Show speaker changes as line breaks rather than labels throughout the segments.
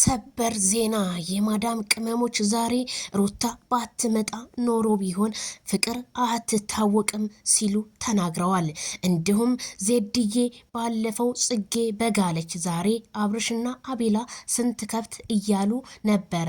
ሰበር ዜና የማዳም ቅመሞች ዛሬ ሩታ ባትመጣ ኖሮ ቢሆን ፍቅር አትታወቅም ሲሉ ተናግረዋል። እንዲሁም ዜድዬ ባለፈው ጽጌ በጋለች ዛሬ አብርሽና አቤላ ስንት ከብት እያሉ ነበረ።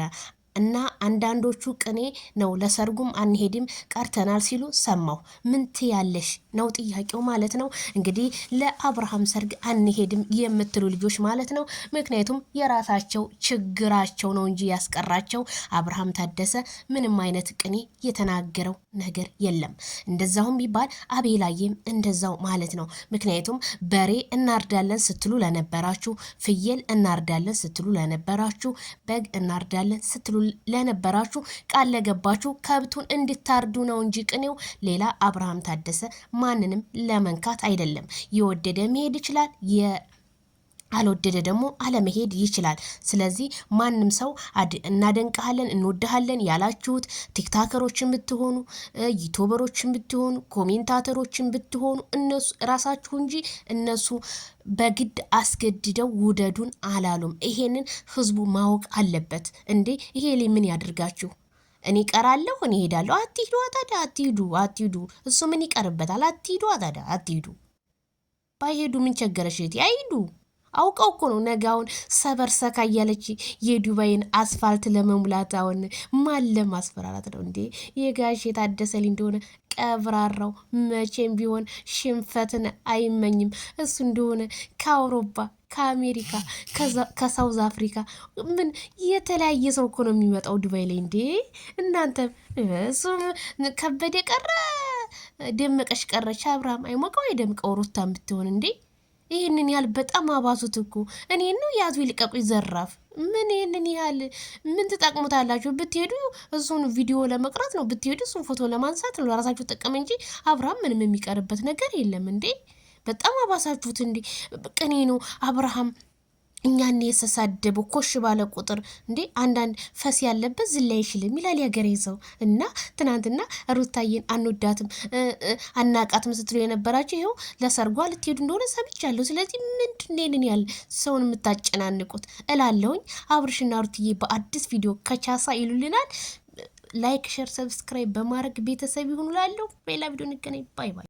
እና አንዳንዶቹ ቅኔ ነው ለሰርጉም አንሄድም ቀርተናል ሲሉ ሰማሁ። ምን ትያለሽ ነው ጥያቄው ማለት ነው። እንግዲህ ለአብርሃም ሰርግ አንሄድም የምትሉ ልጆች ማለት ነው። ምክንያቱም የራሳቸው ችግራቸው ነው እንጂ ያስቀራቸው አብርሃም ታደሰ ምንም አይነት ቅኔ የተናገረው ነገር የለም። እንደዛውም ቢባል አቤላዬም እንደዛው ማለት ነው። ምክንያቱም በሬ እናርዳለን ስትሉ ለነበራችሁ፣ ፍየል እናርዳለን ስትሉ ለነበራችሁ፣ በግ እናርዳለን ስትሉ ለነበራችሁ ቃል ለገባችሁ ከብቱን እንድታርዱ ነው እንጂ ቅኔው ሌላ አብርሃም ታደሰ ማንንም ለመንካት አይደለም። የወደደ መሄድ ይችላል። አልወደደ ደግሞ አለመሄድ ይችላል። ስለዚህ ማንም ሰው እናደንቀሃለን፣ እንወድሃለን ያላችሁት ቲክታከሮችን ብትሆኑ፣ ዩቱበሮችን ብትሆኑ፣ ኮሜንታተሮችን ብትሆኑ እነሱ ራሳችሁ እንጂ እነሱ በግድ አስገድደው ውደዱን አላሉም። ይሄንን ህዝቡ ማወቅ አለበት። እንዴ ይሄ ላይ ምን ያድርጋችሁ? እኔ ቀራለሁ፣ እኔ ሄዳለሁ። አትሂዱ አታዳ፣ አትሂዱ፣ አትሂዱ። እሱ ምን ይቀርበታል? አትሂዱ አታዳ፣ አትሂዱ። ባይሄዱ ምን ቸገረሽ? አይሂዱ አውቀው እኮ ነው ነጋውን ሰበርሰካ እያለች የዱባይን አስፋልት ለመሙላት አሁን ማለም አስፈራራት ነው እንዴ? የጋሽ የታደሰ እንደሆነ ቀብራራው መቼም ቢሆን ሽንፈትን አይመኝም። እሱ እንደሆነ ከአውሮፓ ከአሜሪካ ከሳውዝ አፍሪካ ምን የተለያየ ሰው እኮ ነው የሚመጣው ዱባይ ላይ እንዴ። እናንተም እሱም ከበደ ቀረ ደመቀሽ ቀረች አብርሃም አይሞቀው አይደምቀው ሩታ ብትሆን እንዴ ይህንን ያህል በጣም አባሱት እኮ እኔ ነው ያዙ ይልቀቁ ይዘራፍ ምን ይህንን ያህል ምን ትጠቅሙታላችሁ? ብትሄዱ እሱን ቪዲዮ ለመቅራት ነው፣ ብትሄዱ እሱን ፎቶ ለማንሳት ነው። ለራሳችሁ ጠቀም እንጂ አብርሃም ምንም የሚቀርበት ነገር የለም እንዴ! በጣም አባሳችሁት እንዴ! ቅኔ ነው አብርሃም እኛን የተሳደቡ ኮሽ ባለ ቁጥር እንዴ አንዳንድ ፈስ ያለበት ዝላ አይችልም ይላል ያገሬ ሰው። እና ትናንትና ሩታዬን አንወዳትም አናቃትም ስትሉ የነበራቸው ይኸው ለሰርጓ ልትሄዱ እንደሆነ ሰምቻለሁ። ስለዚህ ምንድንንን ያል ሰውን የምታጨናንቁት እላለሁኝ። አብርሽና ሩትዬ በአዲስ ቪዲዮ ከቻሳ ይሉልናል። ላይክ፣ ሸር፣ ሰብስክራይብ በማድረግ ቤተሰብ ይሁኑ። ላለሁ በሌላ ቪዲዮ እንገናኝ። ባይ ባይ።